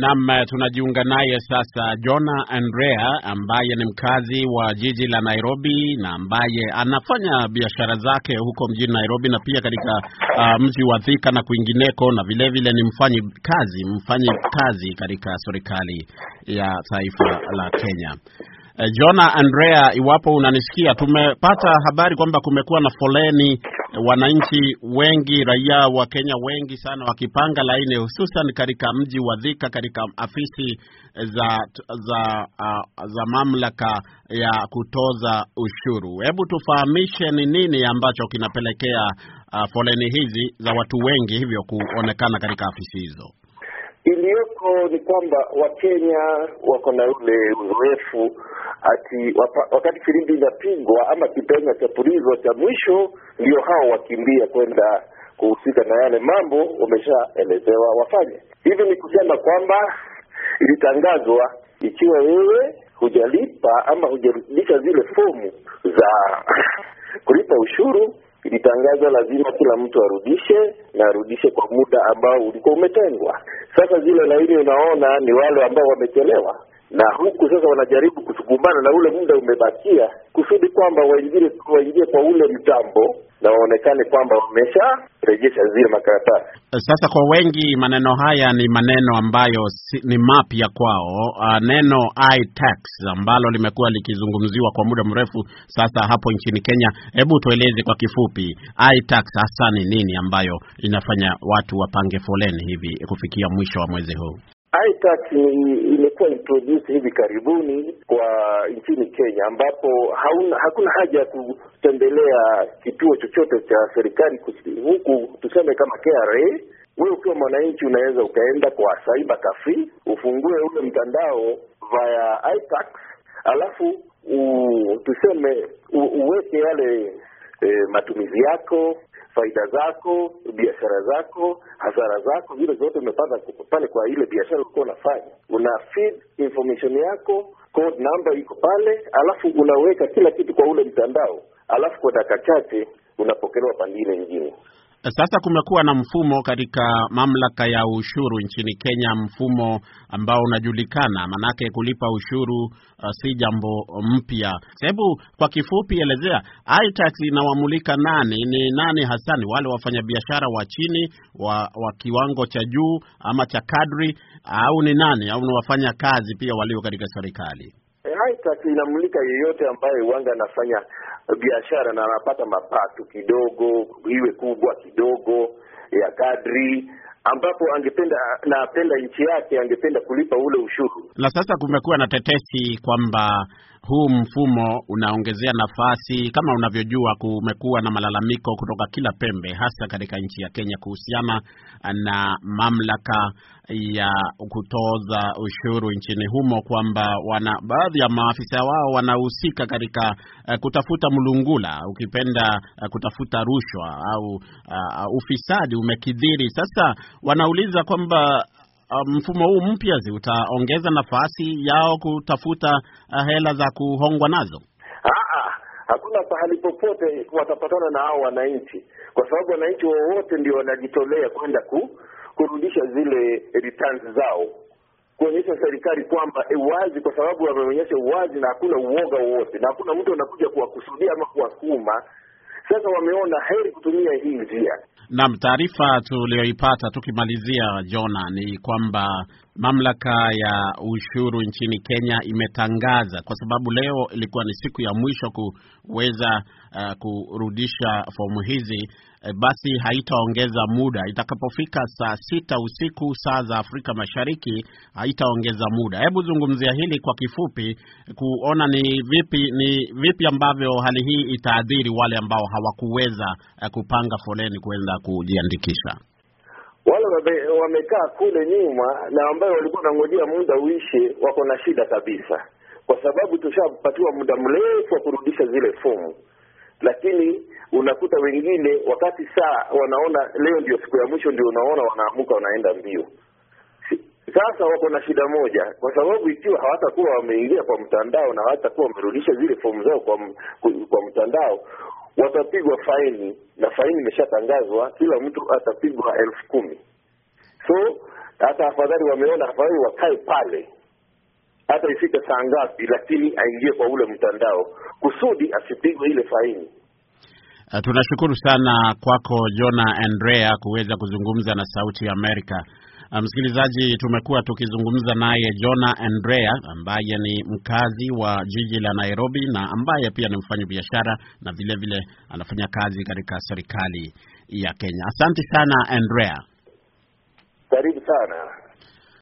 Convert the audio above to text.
Nam, tunajiunga naye sasa Jona Andrea ambaye ni mkazi wa jiji la Nairobi na ambaye anafanya biashara zake huko mjini Nairobi na pia katika uh, mji wa Thika na kwingineko, na vilevile vile ni mfanyi kazi mfanyi kazi katika serikali ya taifa la Kenya. Eh, Jona Andrea, iwapo unanisikia, tumepata habari kwamba kumekuwa na foleni wananchi wengi, raia wa Kenya wengi sana wakipanga laini, hususan katika mji wa Thika, katika afisi za za uh, za mamlaka ya kutoza ushuru. Hebu tufahamishe ni nini ambacho kinapelekea uh, foleni hizi za watu wengi hivyo kuonekana katika afisi hizo? Iliyoko ni kwamba Wakenya wako na ule uzoefu ati wakati firimbi inapigwa ama kipenga cha pulizo cha mwisho, ndio hao wakimbia kwenda kuhusika na yale mambo wameshaelezewa wafanye. Hivi ni kusema kwamba ilitangazwa, ikiwa wewe hujalipa ama hujarudisha zile fomu za kulipa ushuru, ilitangazwa lazima kila mtu arudishe na arudishe kwa muda ambao ulikuwa umetengwa. Sasa zile laini unaona ni wale ambao wamechelewa na huku sasa wanajaribu kusukumbana na ule muda umebakia, kusudi kwamba waingie waingie kwa ule mtambo na waonekane kwamba wamesharejesha zile makaratasi. Sasa kwa wengi maneno haya ni maneno ambayo si, ni mapya kwao. Uh, neno iTax ambalo limekuwa likizungumziwa kwa muda mrefu sasa hapo nchini Kenya, hebu tueleze kwa kifupi iTax hasa ni nini ambayo inafanya watu wapange foleni hivi kufikia mwisho wa mwezi huu? ITax imekuwa introduce hivi karibuni kwa nchini Kenya, ambapo hauna, hakuna haja ya kutembelea kituo chochote cha serikali huku, tuseme kama KRA. Wewe ukiwa mwananchi unaweza ukaenda kwa cyber cafe, ufungue ule mtandao via ITax, alafu u, tuseme u, uweke yale e, matumizi yako faida zako, biashara zako, hasara zako, vile zote umepata pale kwa ile biashara ulikuwa unafanya. Una feed information yako, code number iko pale, alafu unaweka kila kitu kwa ule mtandao, alafu kwa dakika chache unapokelewa pande ile nyingine. Sasa kumekuwa na mfumo katika mamlaka ya ushuru nchini Kenya, mfumo ambao unajulikana, manake kulipa ushuru uh, si jambo mpya. Hebu kwa kifupi elezea iTax inawamulika nani? Ni nani hasa? Ni wale wafanyabiashara wa chini wa, wa kiwango cha juu ama cha kadri, au ni nani? Au ni wafanya kazi pia walio katika serikali? Haitas inamulika yeyote ambaye wanga anafanya biashara na anapata mapato kidogo, iwe kubwa kidogo ya kadri ambapo angependa na apenda nchi yake, angependa kulipa ule ushuru. Na sasa kumekuwa na tetesi kwamba huu mfumo unaongezea nafasi. Kama unavyojua, kumekuwa na malalamiko kutoka kila pembe, hasa katika nchi ya Kenya kuhusiana na mamlaka ya kutoza ushuru nchini humo kwamba wana baadhi ya maafisa wao wanahusika katika uh, kutafuta mlungula, ukipenda uh, kutafuta rushwa au uh, ufisadi umekidhiri. Sasa wanauliza kwamba Um, mfumo huu mpya utaongeza nafasi yao kutafuta uh, hela za kuhongwa nazo? Aa, ah, ah, hakuna pahali popote watapatana na hao wananchi, kwa sababu wananchi wowote ndio wanajitolea kwenda ku, kurudisha zile returns zao kuonyesha serikali kwamba uwazi, e, kwa sababu wameonyesha uwazi na hakuna uoga wowote, na hakuna mtu anakuja kuwakusudia ama kuwasukuma sasa wameona heri kutumia hii njia. Naam, taarifa tuliyoipata tukimalizia, Jona, ni kwamba mamlaka ya ushuru nchini Kenya imetangaza, kwa sababu leo ilikuwa ni siku ya mwisho kuweza uh, kurudisha fomu hizi Eh, basi haitaongeza muda. Itakapofika saa sita usiku saa za Afrika Mashariki haitaongeza muda. Hebu zungumzia hili kwa kifupi, kuona ni vipi ni vipi ambavyo hali hii itaadhiri wale ambao hawakuweza eh, kupanga foleni kuenda kujiandikisha wale wamekaa kule nyuma na ambayo walikuwa wanangojea muda uishe, wako na shida kabisa, kwa sababu tushapatiwa muda mrefu wa kurudisha zile fomu lakini unakuta wengine wakati saa wanaona leo ndio siku ya mwisho, ndio unaona wanaamuka wanaenda mbio. Sasa wako na shida moja, kwa sababu ikiwa hawatakuwa wameingia kwa mtandao na hawatakuwa wamerudisha zile fomu zao kwa, kwa mtandao watapigwa faini, na faini imeshatangazwa, kila mtu atapigwa elfu kumi. So hata afadhali wameona afadhali wakae pale hata ifike saa ngapi, lakini aingie kwa ule mtandao kusudi asipigwe ile faini. Uh, tunashukuru sana kwako Jona Andrea kuweza kuzungumza na Sauti ya Amerika. Eh, msikilizaji, tumekuwa tukizungumza naye Jona Andrea ambaye ni mkazi wa jiji la Nairobi na ambaye pia ni mfanya biashara na vile vile anafanya kazi katika serikali ya Kenya. Asante sana Andrea, karibu sana.